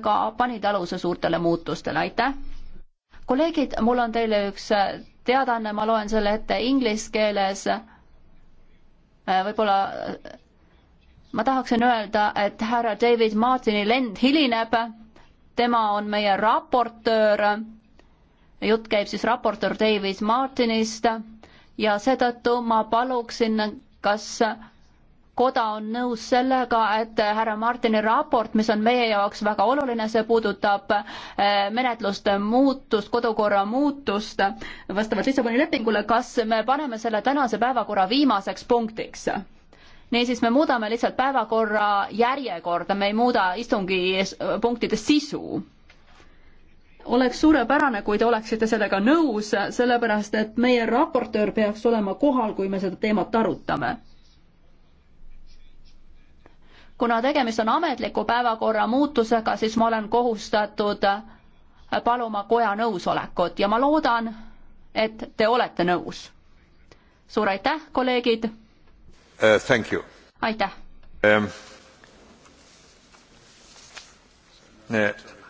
ka panid aluse suurtele muutustele, aitäh! kolleegid, mul on teile üks teadaanne, ma loen selle ette inglise keeles. Äh, võib-olla ma tahaksin öelda, et härra David Martini lend hilineb, tema on meie raportöör, jutt käib siis raportöör David Martinist ja seetõttu ma paluksin, kas koda on nõus sellega, et härra Martini raport, mis on meie jaoks väga oluline, see puudutab eh, menetluste muutust, kodukorra muutust vastavalt Lissaboni lepingule, kas me paneme selle tänase päevakorra viimaseks punktiks? niisiis, me muudame lihtsalt päevakorra järjekorda, me ei muuda istungi eh, punktide sisu oleks suurepärane, kui te oleksite sellega nõus, sellepärast et meie raportöör peaks olema kohal, kui me seda teemat arutame kuna tegemist on ametliku päevakorra muutusega, siis ma olen kohustatud paluma koja nõusolekut ja ma loodan, et te olete nõus. suur aitäh, kolleegid uh,! aitäh um,! Uh,